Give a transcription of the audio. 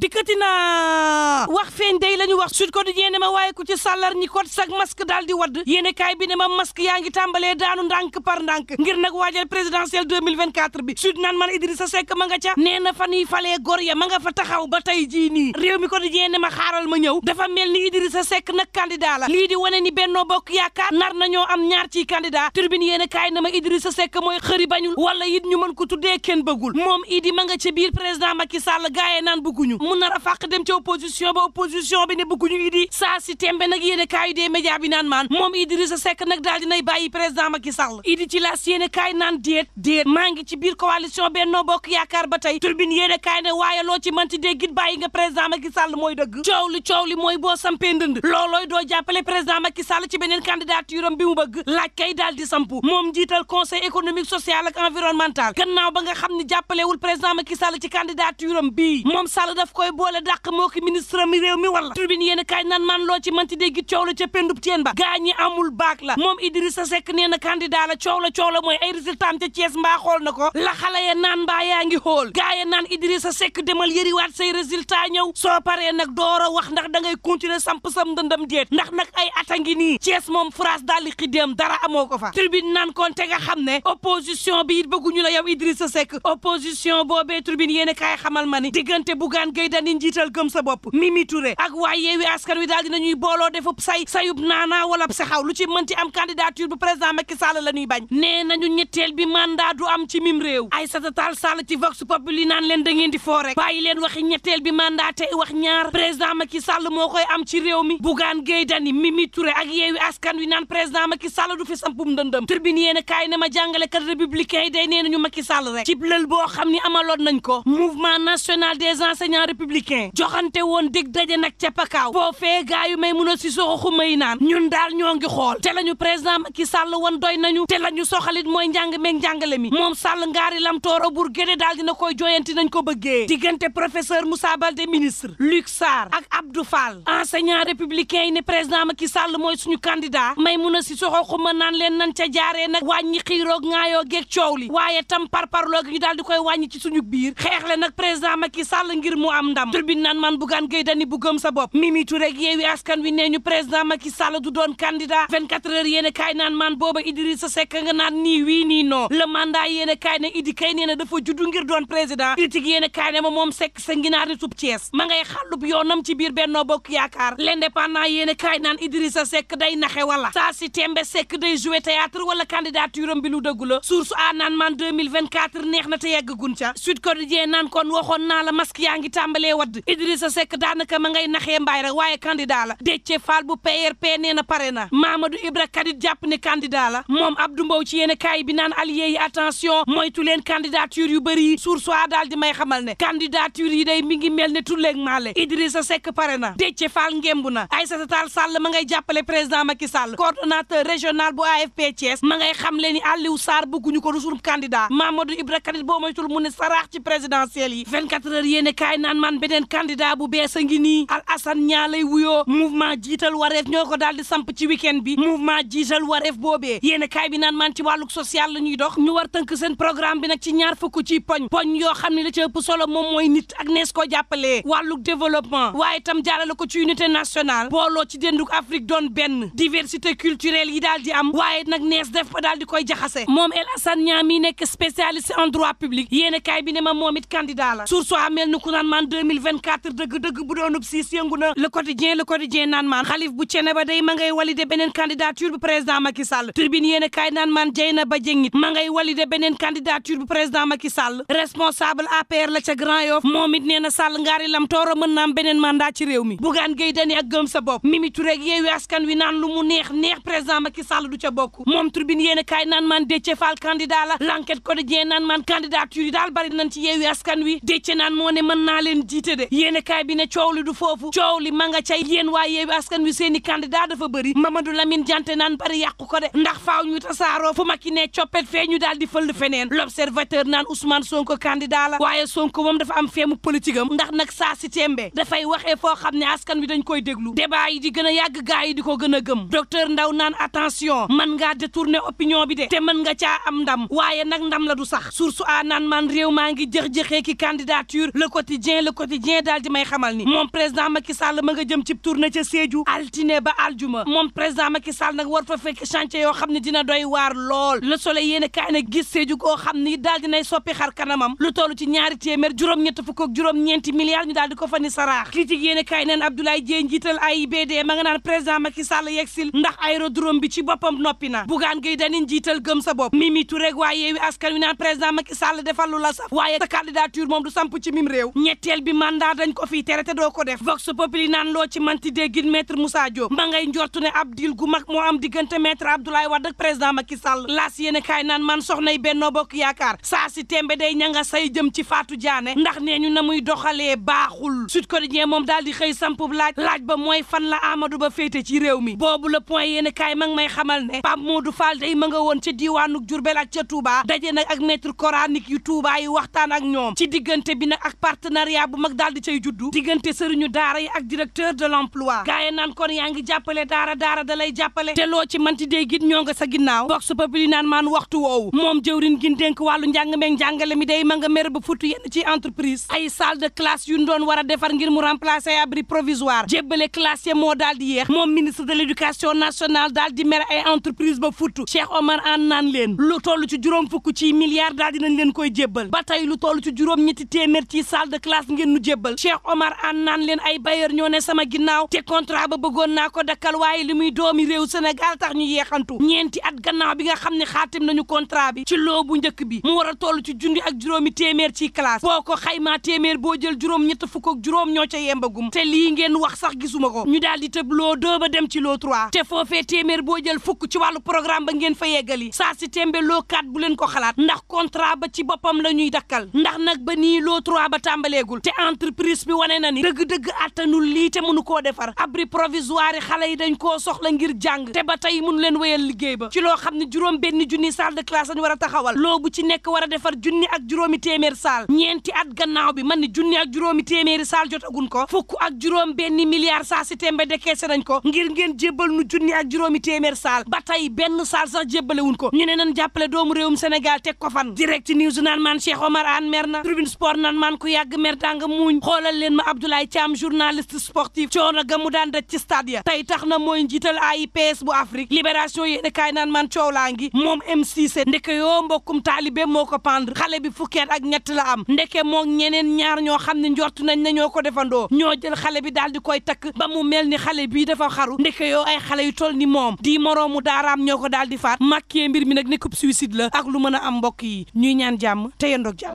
dikkati naa wax feeñ day la ñu wax Sud Quotidien ne ma waaye ku ci sàllar ñi kot sag masque daal di wadd yéene kaay bi ne ma masque yaa ngi tàmbalee daanu ndànk par ndànk ngir nag waajal présidentielle 2024 bi Sud naan man Idrissa Seck ma nga ca nee na fan yi falee gor ya ma fa taxaw ba tey jii nii réew mi Quotidien ne ma xaaral ma ñëw dafa mel ni Idrissa Seck nag candidat la lii di wane ni Benno Bokk Yaakaar nar nañoo am ñaar ciy candidat Tribune yéene kaay ne ma Idrissa Seck mooy xëri bañul wala it ñu mën ko tuddee kenn bëggul moom idi ma nga ca biir président Macky Sall gaaye naan bëgguñu mu nar a fàq dem ci opposition bi ne bëgguñu idi saa si tembe nag yéen a kaayu dee média bi naan maan moom Idrissa Seck nag daal dinay bàyyi président Macky Sall idi ci laas yéen maa ngi ci biir coalition Benno Bokk Yaakaar ba tey turbine yéen a kaay ne waaye loo ci manti dee git bàyyi nga président Macky Sall mooy dëgg coow li mooy boo sampee ndënd loolooy doo jàppale président Macky Sall ci beneen candidature am bi mu bëgg laaj kay daal di sampu moom njiital conseil économique social ak environnemental gannaaw ba nga xam ne jàppalewul président koy boole dàq moo ki ministre mi réew mi wala tribune yéen kaay nan man loo ci manti dégg coow la ca pendub ba gaa amul baak la moom Idrissa Seck nee na candidat la coow la coow la mooy ay résultat am ca mbaa xool na ko la xale ya naan mbaa yaa ngi xool gaa ya naan Idrissa Seck demal yëriwaat say résultat ñëw soo paree nag door a wax ndax da ngay continuer samp sam ndëndam jeet ndax nag ay ata ngi nii Thiès moom France daal di xiddeem dara amoo ko fa tribune naan kon te nga xam bi it bëgguñu la yow Idrissa Seck opposition boobee tribune yéen kaay xamal ma ni diggante Bougane Gueye dañi njiital gëm sa bopp Mimi Touré ak waa yeewi askan wi daal dinañuy booloo defub say sayub naanaa wala saxaw lu ci mënti am candidature bu président Macky Sall la ñuy bañ nee nañu ñetteel bi mandat du am ci mim réew Aïssata Tall Sall ci vox populi naan leen da ngeen di foo rek bàyyi leen waxi ñetteel bi mandat te wax ñaar président Macky Sall moo koy am ci réew mi Bougane Gueye Dany Mimi Touré ak yeewi askan wi naan président Macky Sall du fi sampum ndëndëm tribune yéen kaay ne ma jàngalekat républicain yi day nee nañu Macky Sall rek ci lël boo xam ni amaloon nañ ko mouvement national des enseignants républicain joxante woon dig daje nag ca pakaaw foofee gaa yu may mun a si soxoxu may naan ñun daal ñoo ngi xool te la ñu président Macky Sall woon doy nañu te la ñu soxalit mooy njàng meeg njàngale mi moom Sall ngaari lam tooro bur géde daal na koy jooyanti nañ ko bëggee diggante professeur Moussa Baldé ministre Luc Sarr ak Abdou Fall enseignant républicain yi ne président Macky Sall mooy suñu candidat may mun a si soxoxu ma naan leen nan ca jaaree nag wàññi xiiroog ŋaayoo geeg coow li waaye tam parparloo gi ñu daal di koy wàññi ci suñu biir xeexle président Macky Sall ngir mu am am ndam tribune naan man Bougane Gueye Dany bu gëm sa bopp Mimi Touré ak Yewwi Askan Wi nee ñu président Macky Sall du doon candidat 24 heures yéen a kaay naan nga naan nii wii nii non le mandat yéen a kaay ne Idi kay nee na dafa juddu ngir doon président critique yéen a kaay ne ma moom Seck sa nginaar di sub Thiès ma ngay xàllub yoonam ci biir a kaay naan Idrissa Seck day naxe wala saa si tembe Seck day jouer théâtre wala candidature am bi lu a naan man 2024 neex na te yegg gun ca Sud naan kon waxoon naa la masque ngi tàmm tàmbalee wadd Idrissa Seck daanaka ma ngay naxee mbaay rek waaye candidat la Déthié Fall bu PRP nee na pare na Ibra Kadit jàpp ne candidat la moom Abdou Mbow ci yéen kaay bi naan allié yi attention moytu leen candidature yu bëri yi sur soi daal di may xamal ne candidature yi day mi ngi mel ne tulleeg maale Idrissa Seck pare na Déthié Fall ngembu na Aïssata Tall Sall ma ngay jàppale président Macky Sall coordonnateur régional bu AFP Thiès ma xam leen ni Aliou Sarr bëgguñu ko rusul candidat Mamadou Ibra Kadit boo moytul mu ne saraax ci présidentielle yi 24 heures man beneen candidat bu bees a ngi nii Al Assane ñaa lay wuyoo mouvement jiital wareef ñoo ko daal di samp ci week-end bi mouvement jiital wareef boobee yéen a kaay bi naan man ci wàlluk social la ñuy dox ñu war tënk seen programme bi nag ci ñaar fukk ci poñ poñ yoo xam ni la ci ëpp solo moom mooy nit ak nees koo jàppalee wàlluk développement waaye tam jaarale ko ci unité nationale booloo ci dénduk Afrique doon benn diversité culturelle yi daal di am waaye nag nees def ba daal di koy jaxase moom El Assane ñaa mi nekk spécialiste en droit public yéen a kaay bi ne ma moom it la 2024 dëgg-dëgg bu doonub siis yëngu na le quotidien le quotidien naan maan xalif bu cene day ma ngay beneen candidature bu président Macky Sall tribune yéen a naan maan jay na ba jëngit ma ngay président Macky Sall responsable APR la ca na Sall ngaari lam tooro mën naam beneen mandat ci réew mi Bougane Gueye Dany ak gëm sa bopp wi naan lu mu neex neex président Macky Sall du ca bokk moom tribune yéen a kaay naan maan Déthié Fall yi daal bari nañ ci yeewi askan wi Déthié naan moo ne mën naa jiite de yéene kaay bi ne coow li du foofu coow li ma nga cay yéen waa yeewi askan bi seen i candidat dafa bëri Mamadou Lamine jante naan bari yàqu ko de ndax faaw ñu tasaaroo fu makki ne coppet fee ñu daal di fël feneen l'observateur naan Ousmane Sonko candidat la waaye Sonko moom dafa am feemu politique am ndax nag saa si tembe dafay waxee foo xam ne askan wi dañ koy déglu débat yi di gën a yàgg gaa yi di ko gën a gëm docteur Ndaw naan attention man ngaa détourner opinion bi de te mën nga caa am ndam waaye nag ndam la du sax source a naan man réew maa ngi jëx-jëxee ki candidature le quotidien le quotidien may xamal ni moom président Macky Sall ma nga jëm ci moom président Macky Sall nag war fa fekk chantier yoo xam ne dina doy waar lool le soleil yéen a kaay nag gis Sédhiou goo xam ni daal dinay soppi lu toll ci ñaari téeméer juróom-ñett fukk ak juróom-ñeenti ñu daal di ko fa ni saraax critique yéen a kaay neen Abdoulaye Dieng njiital AIBD ma nga naan président Macky Sall yegsil ndax aérodrome bi ci boppam noppi na Bougane Gueye Dany njiital gëm sa bopp Mimi Touré waaye askan wi naan président Macky Sall defal lu la saf waaye sa candidature moom du samp ci mim réew ñetteel laaj bi mandat dañ ko fii tere te doo ko def vox populi naan loo ci manti déggin maître Moussa Diop ma ngay njortu ne ab gu mag moo am diggante maître Abdoulaye Wade ak président Macky Sall laas yéene kaay naan man soxnay Benno Bokk Yaakaar saa si tembe day ñanga say jëm ci faatu jaane ndax nee ñu na muy doxalee baaxul Sud Quotidien moom daal di xëy sampub laaj laaj ba mooy fan la Amadou Ba féete ci réew mi boobu la point yéene kaay ma may xamal ne Pape Modou Fall day ma nga woon ca diiwaanug Jurbel ca Touba daje nag ak maître coranique yu Touba yi waxtaan ak ñoom ci diggante bi nag ak partenariat bu mag daal di cay juddu diggante sëriñu daara yi ak directeur de l'emploi gars yi naan kon yaa ngi jàppale daara daara da lay jàppale te loo ci manti dee git ñoo nga sa ginnaaw box su papili naan maan waxtu woowu moom jëwrin gi dénk wàllu njàng meeg njàngale mi day ma nga mer ba futu yenn ci entreprise ay salle de classe yu doon war a defar ngir mu remplacer abri provisoire jébbale classe ya moo daal di yéex moom ministre de l'éducation nationale daal di mer ay entreprise ba futu ci juróom fukk ci milliards daal dinañ leen koy jébbal ba tey lu toll ci juróom ñetti téeméer ci ngeen nu jébbal Cheikh Omar an naan leen ay bailleur ñoo ne sama ginnaaw te contrat ba bëggoon naa ko dakkal waaye li muy doomi réew Sénégal tax ñu yeexantu ñeenti at gannaaw bi nga xam ne xaatim nañu kontra bi ci loo njëkk bi mu war a toll ci junni ak juróomi téeméer ci classe boo ko xayma téeméer boo jël juróom ñett fukk juróom ñoo ca yembagum te lii ngeen wax sax gisuma ko ñu daal di tëb loo deux ba dem ci loo trois te foofee téeméer boo jël fukk ci wàllu programme ba ngeen fa yeggali saa si tembe loo quatre leen ko xalaat ndax contrat ba ci boppam la ñuy dakkal ndax nag ba nii loo trois ba tàmbaleegul amul te entreprise bi wane na ni dëgg-dëgg attanul lii te mënu koo defar abri provisoire yi xale yi dañ koo soxla ngir jàng te ba tey mënu leen wéyal liggéey ba ci loo xam ne juróom benn junni salle de classe lañ war a taxawal loo ci nekk wara a defar junni ak juróomi téeméer salle ñeenti at gannaaw bi man ni junni ak juróomi téeméeri salle jotagun ko fukk ak juróom benn milliard saa si de dekeese nañ ko ngir ngeen jébbal nu junni ak juróomi téeméer salle ba tey benn salle sax jébbalewun ko ñu ne nañ jàppale doomu réewum Sénégal teg ko fan direct news naan maan Cheikh Omar Anne mer na yàgg jàng muuñ xoolal leen ma Abdoulaye Thiam journaliste sportif coono ga mu daan daj ci stade ya tax na mooy njiital pees bu Afrique libération yéene kaay naan man coow laa ngi moom M6 ndeke yoo mbokkum taalibe moo ko pendre xale bi fukkeet ak ñett la am ndeke moo ñeneen ñaar ñoo xam ne njort nañ na ñoo ko defandoo ñoo jël xale bi daal di koy takk ba mu mel ni xale bii dafa xaru ndeke yoo ay xale yu toll ni moom di mu daaraam ñoo ko dal di faat màkkee mbir mi nag ne coup la ak lu mën a am mbokk yi ñuy ñaan jàmm te